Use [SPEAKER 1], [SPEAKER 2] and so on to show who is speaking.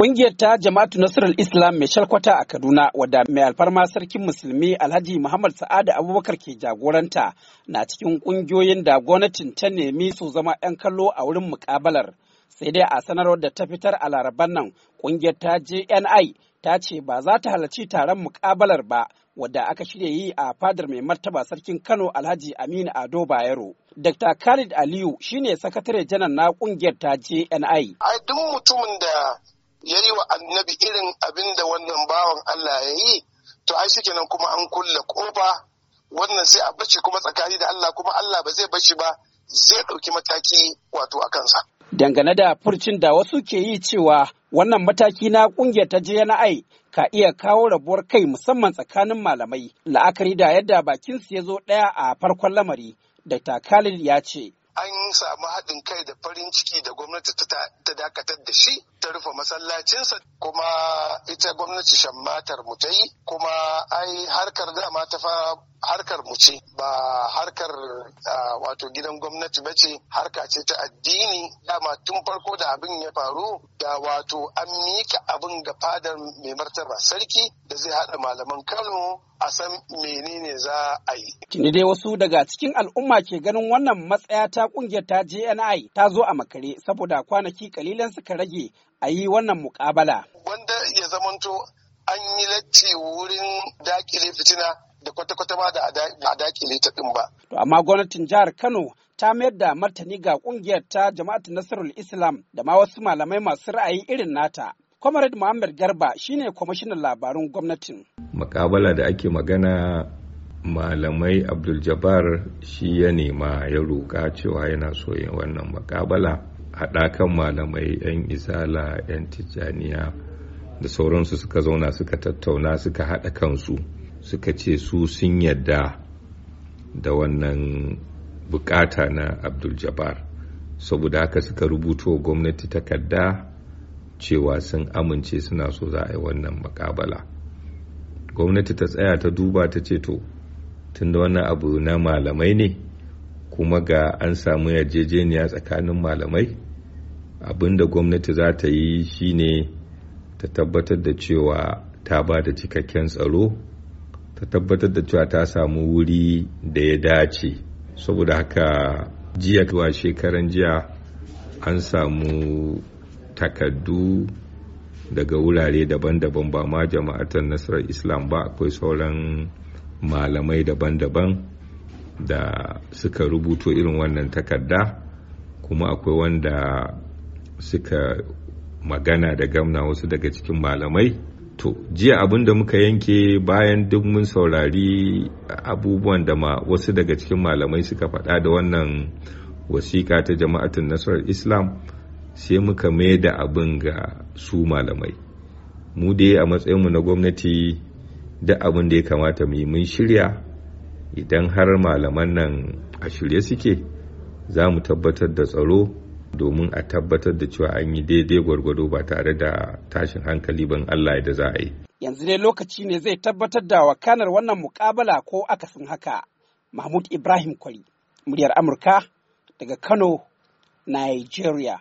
[SPEAKER 1] Ƙungiyar ta Jama'atu Nasarar Islam mai shalkwata a Kaduna wadda mai alfarma sarkin musulmi Alhaji Muhammad Sa'ada Abubakar ke jagoranta na cikin ƙungiyoyin da gwamnatin ta nemi su zama 'yan kallo a wurin muƙabalar. Sai dai a sanarwar da ta fitar a laraban nan ƙungiyar ta JNI ta ce ba za ta halarci taron muƙabalar ba wadda aka shirya yi a fadar mai martaba sarkin Kano Alhaji Aminu Ado Bayero. Dr. Khalid Aliyu shine sakatare janar na ƙungiyar ta JNI.
[SPEAKER 2] Ai duk mutumin da ya yi wa annabi irin abinda wannan bawan Allah ya yi to ai shi kenan kuma an kulle kofa wannan sai a bace kuma tsakani da Allah kuma Allah ba zai bace ba zai ɗauki mataki wato a kansa.
[SPEAKER 1] Dangane da furcin da wasu ke yi cewa wannan mataki na ƙungiyar ta ai, ka iya kawo rabuwar kai musamman tsakanin malamai la'akari da yadda bakin su ya zo ɗaya a farkon lamari da Khalil ya ce
[SPEAKER 2] an samu haɗin kai da farin ciki da gwamnati ta dakatar da shi ta rufe masallacinsa kuma ita gwamnati shammatar mu ta yi kuma ai harkar dama ta fa harkar mu ce ba harkar wato gidan gwamnati ba ce harka ce ta addini dama tun farko da abin ya faru da wato an mika abin ga fadar mai martaba sarki da zai haɗa malaman Kano a san menene za a yi.
[SPEAKER 1] Tuni dai wasu daga cikin al'umma ke ganin wannan matsaya ta kungiyar ta JNI ta zo a makare saboda kwanaki kalilan suka rage a yi wannan mukabala.
[SPEAKER 2] Wanda ya zamanto an yi latti wurin dakile fitina da kwata-kwata ba da a dakile ta din ba.
[SPEAKER 1] Amma gwamnatin jihar Kano ta mayar da martani ga ƙungiyar ta jama'atu Nasarul Islam da ma wasu malamai masu ra'ayi irin nata. Comrade Muhammad Garba shine kwamishinan labarun gwamnatin.
[SPEAKER 3] Makabala da ake magana malamai Abdul shi ya nema ya roƙa cewa yana so wannan makabala haɗakan malamai 'yan Isala, 'yan Tijjaniya da sauransu suka zauna suka tattauna suka haɗa kansu. suka ce su sun yadda da wannan bukata na abdul jabbar saboda haka suka rubuto gwamnati takarda cewa sun amince suna so za a yi wannan makabala gwamnati ta tsaya ta duba ta ce to tunda wannan abu na malamai ne kuma ga an samu yarjejeniya tsakanin malamai abinda gwamnati za ta yi shine ta tabbatar da cewa ta ba da cikakken tsaro ta tabbatar da cewa ta samu wuri da ya dace saboda haka jiya zuwa shekaran jiya an samu takardu daga wurare daban-daban ba ma jama'atar nasarar islam ba akwai sauran malamai daban-daban da suka rubuto irin wannan takarda kuma akwai wanda suka magana da gamna wasu daga cikin malamai to jiya abin da muka yanke bayan duk mun saurari abubuwan da ma wasu daga cikin malamai suka faɗa da wannan wasiƙa ta jama'atun nasarar islam sai muka mai da abin ga su malamai mu dai a matsayinmu na gwamnati da abin da ya kamata mu yi mun shirya idan har malaman nan a shirye suke za mu tabbatar da tsaro domin a tabbatar da cewa an yi daidai gwargwado ba tare da tashin hankali ban Allah da za a yi.
[SPEAKER 1] Yanzu ne lokaci ne zai tabbatar da wakanar wannan mukabala ko akasin haka. Mahmud Ibrahim Kwari, muryar Amurka daga Kano, Nigeria.